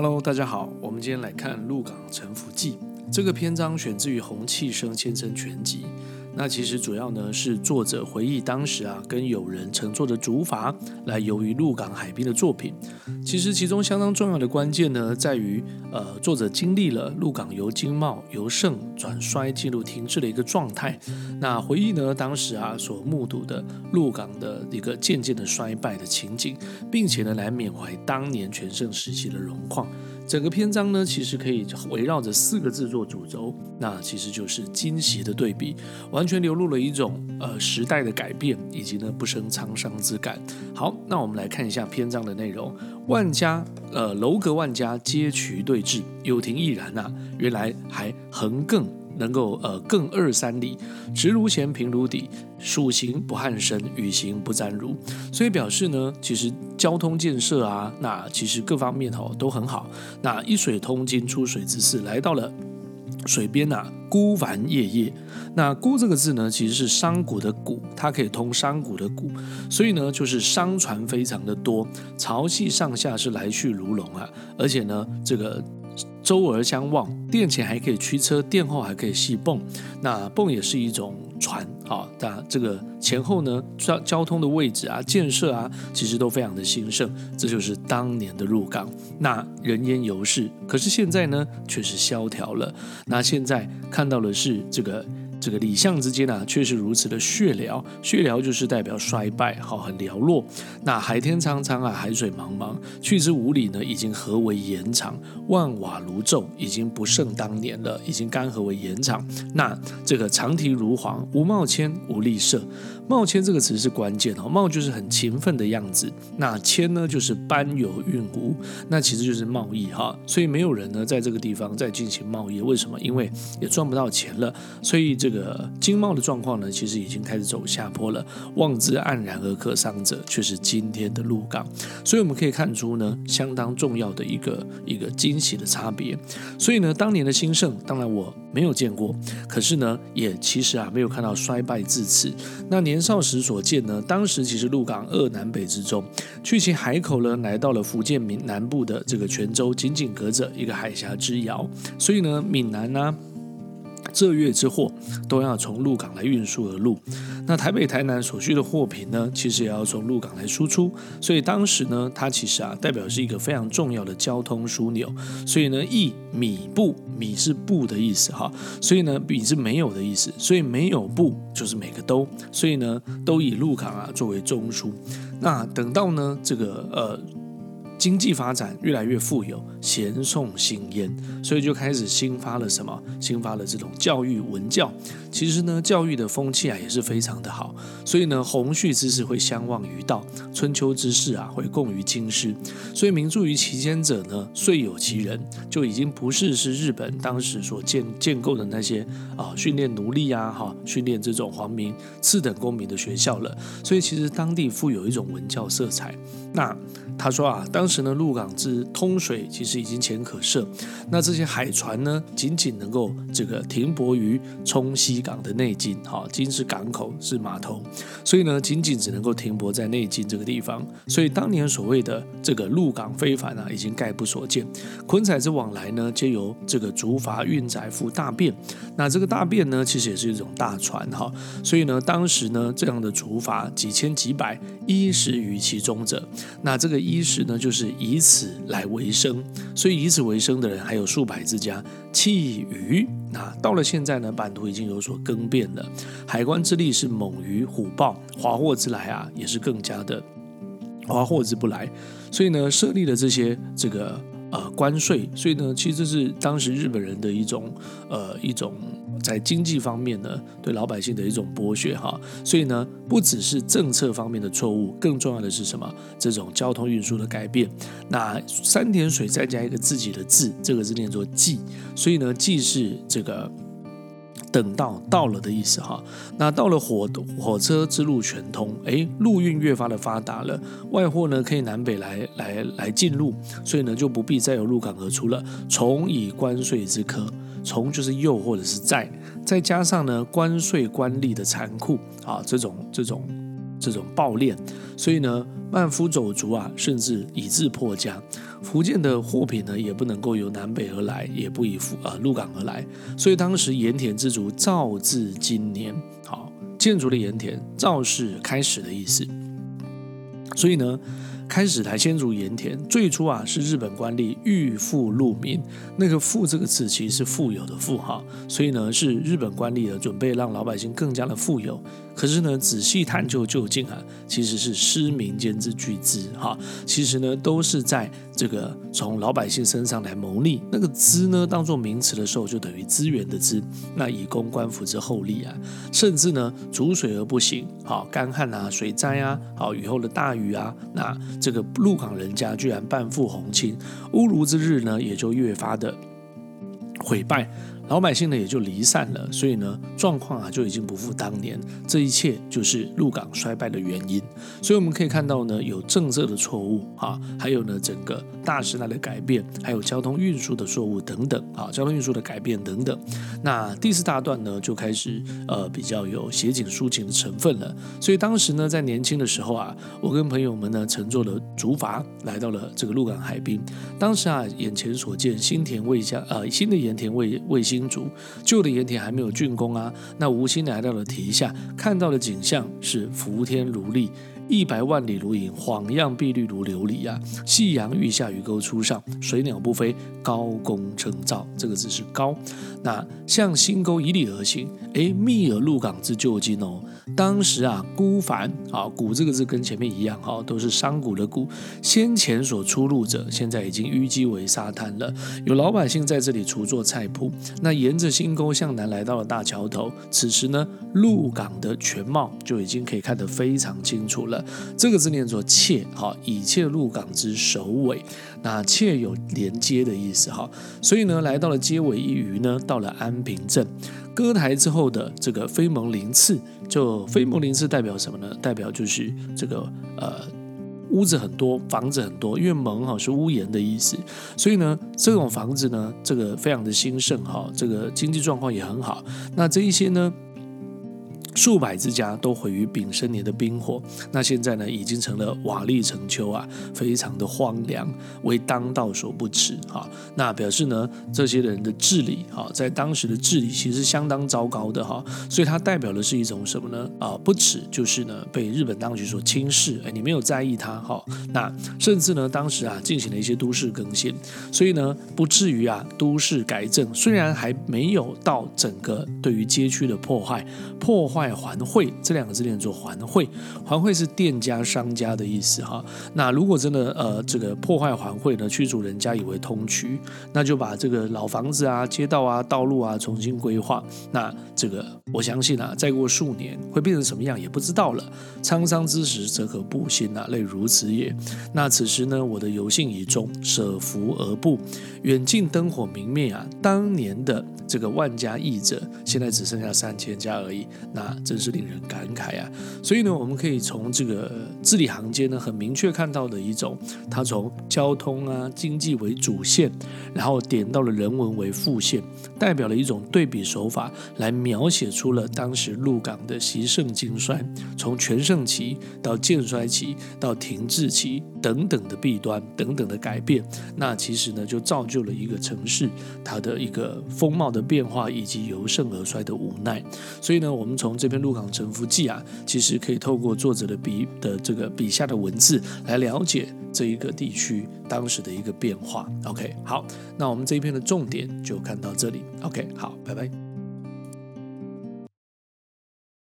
Hello，大家好，我們今天來看《鹿港乘桴記》這個篇章，選自於洪棄生先生全集。那其實主要呢是作者回憶當時啊跟友人乘坐的竹筏來遊於鹿港海濱的作品。其實其中相當重要的關鍵呢在於，呃，作者經歷了鹿港由經貿、由盛轉衰進入停滯的一個狀態。那回憶呢當時啊所目睹的鹿港的一個漸漸的衰敗的情景，並且呢來緬懷當年全盛時期的榮況。整個篇章呢，其實可以圍繞着四個字做主軸，那其實就是今昔的對比，完全流露了一種呃時代的改變，以及呢不勝滄桑之感。好，那我們來看一下篇章的內容：萬家呃樓閣，萬家街衢對峙，有亭亦然吶、啊。原來還橫亘。能夠呃更，二三里，直如弦，平如砥，暑行不汗身，雨行不沾濡。所以表示呢，其實交通建設啊，那其實各方面哦，都很好。那一水通津，出水之涘來到了水邊吶、啊，估帆葉葉。那估這個字呢，其實是商賈的賈，它可以通商賈的賈，所以呢就是商船非常的多，潮汐上下是來去如龍啊，而且呢這個。周而相望，殿前還可以驅車，殿後還可以繫泵。那泵也是一種船啊、哦，那這個前後呢交交通的位置啊，建設啊，其實都非常的興盛。這就是當年的鹿港，那人煙猶是，可是現在呢卻是蕭條了。那現在看到的是這個。這個里巷之間啊，卻是如此的血寥，血寥就是代表衰敗，好，很寥落。那海天蒼蒼啊，海水茫茫，去之五里呢，已經合為鹽場，萬瓦如晝，已經不勝當年了，已經乾涸為鹽場。那這個長堤如黃，無貿遷，無利涉。貿遷這個詞是關鍵哦，貿就是很勤奮的樣子，那遷呢，就是搬有運無，那其實就是貿易哈。所以沒有人呢在這個地方再進行貿易，為什麼？因為也賺不到錢了，所以這。這個經貿的狀況呢，其實已經開始走下坡了。望之黯然而客傷者，卻是今天的鹿港。所以我們可以看出呢，相當重要的一個一個今昔的差別。所以呢，當年的興盛，當然我沒有見過，可是呢，也其實啊，沒有看到衰敗至此。那年少時所見呢，當時其實鹿港二南北之中，去其海口呢，來到了福建閩南部的這個泉州，僅僅隔着一個海峽之遙。所以呢，閩南呢、啊。這月之貨都要從陸港來運輸而入，那台北、台南所需的貨品呢，其實也要從陸港來輸出，所以當時呢，它其實啊，代表是一個非常重要的交通樞紐。所以呢，一米布米是布的意思，哈，所以呢，米是沒有的意思，所以沒有布就是每個都，所以呢，都以陸港啊作為中樞。那等到呢，這個呃經濟發展越來越富有。弦誦興焉，所以就開始興發了什麼？興發了這種教育文教。其實呢，教育的風氣啊也是非常的好。所以呢，洪旭之士會相望於道，春秋之士啊會共於京師。所以名著於其間者呢，遂有其人，就已經不是是日本當時所建建構的那些啊訓練奴隸啊哈、啊、訓練這種皇民次等公民的學校了。所以其實當地富有一種文教色彩。那他說啊，當時呢，鹿港之通水其實。是已經淺可涉，那這些海船呢，僅僅能夠這個停泊於衝西港的內津，哈、哦，津是港口，是碼頭，所以呢，僅僅只能夠停泊在內津這個地方。所以當年所謂的這個鹿港非凡啊，已經概不所見。昆彩之往來呢，皆由這個竹筏運載負大便。那這個大便呢，其實也是一種大船哈、哦。所以呢，當時呢，這樣的竹筏幾千幾百，衣食於其中者，那這個衣食呢，就是以此來為生。所以以此為生的人還有數百之家，棄魚，啊，那到了現在呢，版圖已經有所更變了，海關之力是猛於虎豹，華貨之來啊也是更加的，華貨之不來。所以呢，設立了這些這個。呃，關稅，所以呢，其實這是當時日本人的一種，呃，一種在經濟方面呢，對老百姓的一種剝削哈。所以呢，不只是政策方面的錯誤，更重要的是什麼？這種交通運輸的改變。那三點水再加一個自己的字，這個字念作“洎”，所以呢，“洎”是這個。等到、到了的意思哈，那到了火火車之路全通，哎，陸運越發的發達了，外貨呢可以南北來來來進入，所以呢就不必再有入港而出了，從以關稅之苛，從就是又或者是在，再加上呢關稅官吏的殘酷啊，這種這種。這種暴斂，所以呢，萬夫走卒啊，甚至以致破家。福建的貨品呢，也不能夠由南北而來，也不以福啊鹿、呃、港而來。所以當時鹽田之族肇自今年，好，建築的鹽田肇是開始的意思。所以呢。開始才先築鹽田，最初啊是日本官吏欲富入民，那個富這個詞其實是富有的富哈，所以呢是日本官吏的準備讓老百姓更加的富有。可是呢仔細探究究竟啊，其實是失民間之巨資哈、哦，其實呢都是在。這個從老百姓身上來謀利，那個資呢，當做名詞的時候，就等於資源的資。那以供官府之厚利啊，甚至呢，煮水而不行，好乾旱啊，水災啊，好雨後的大雨啊，那這個鹿港人家居然半負紅清，屋廬之日呢，也就越發的毀敗。老百姓呢也就離散了，所以呢狀況啊就已經不復當年，這一切就是鹿港衰敗的原因。所以我們可以看到呢，有政策的錯誤啊，還有呢整個大時代的改變，還有交通運輸的錯誤等等啊，交通運輸的改變等等。那第四大段呢就開始呃比較有寫景抒情的成分了。所以當時呢，在年輕的時候啊，我跟朋友們呢乘坐了竹筏來到了這個鹿港海濱。當時啊，眼前所見，新田衛家啊，呃，新的鹽田衛衛星。新竹舊的鹽田還沒有竣工啊，那吳昕來到了堤下，看到的景象是伏天如歷。一百萬里如銀，晃漾碧綠如琉璃啊！夕陽欲下，漁鈎初上，水鳥不飛，高公稱噪。這個字是高。那向新溝迤邐而行，誒，密迩鹿港之舊迹哦。當時啊，孤帆啊，古這個字跟前面一樣哈、哦，都是商古的孤。先前所出入者，現在已經淤積為沙灘了。有老百姓在這裡除做菜鋪。那沿着新溝向南來到了大橋頭，此時呢，鹿港的全貌就已經可以看得非常清楚了。這個字念作“切”哈，以“切”入港之首尾，那“切”有連接的意思哈。所以呢，來到了街尾一隅呢，到了安平鎮割臺之後的這個飛甍鱗次，就飛甍鱗次代表什麼呢？代表就是這個呃，屋子很多，房子很多，因為“甍”哈是屋檐的意思，所以呢，這種房子呢，這個非常的興盛哈，這個經濟狀況也很好。那這一些呢？數百之家都毀於丙申年的兵火，那現在呢，已經成了瓦礫成丘啊，非常的荒涼，為當道所不齒啊、哦。那表示呢，這些人的治理啊，在當時的治理其實相當糟糕的哈、哦。所以它代表的是一種什麼呢？啊、呃，不齒就是呢，被日本當局所輕視。哎，你沒有在意它哈、哦。那甚至呢，當時啊，進行了一些都市更新，所以呢，不至於啊，都市改正雖然還沒有到整個對於街區的破壞，破壞。環會這兩個字念做環會”，環會是店家、商家的意思哈。那如果真的呃，這個破壞環會呢，驅逐人家，以為通衢，那就把這個老房子啊、街道啊、道路啊重新規劃。那這個我相信啊，再過數年會變成什麼樣也不知道了。滄桑之時，則可不心啊，淚如此也。那此時呢，我的遊幸已中舍福而步。遠近燈火明滅啊，當年的這個萬家益者，現在只剩下三千家而已。那真是令人感慨啊！所以呢，我們可以從這個字裡行間呢，很明確看到的一種，它從交通啊、經濟為主線，然後點到了人文為副線，代表了一種對比手法來描寫出了當時鹿港的昔盛今衰，從全盛期到漸衰期到停滯期等等的弊端，等等的改變。那其實呢，就造就了一個城市它的一個風貌的變化，以及由盛而衰的無奈。所以呢，我們從這。這篇《鹿港乘桴記》啊，其實可以透過作者的筆的這個筆下的文字來了解這一個地區當時的一個變化。OK，好，那我們這一篇的重點就看到這裡。OK，好，拜拜。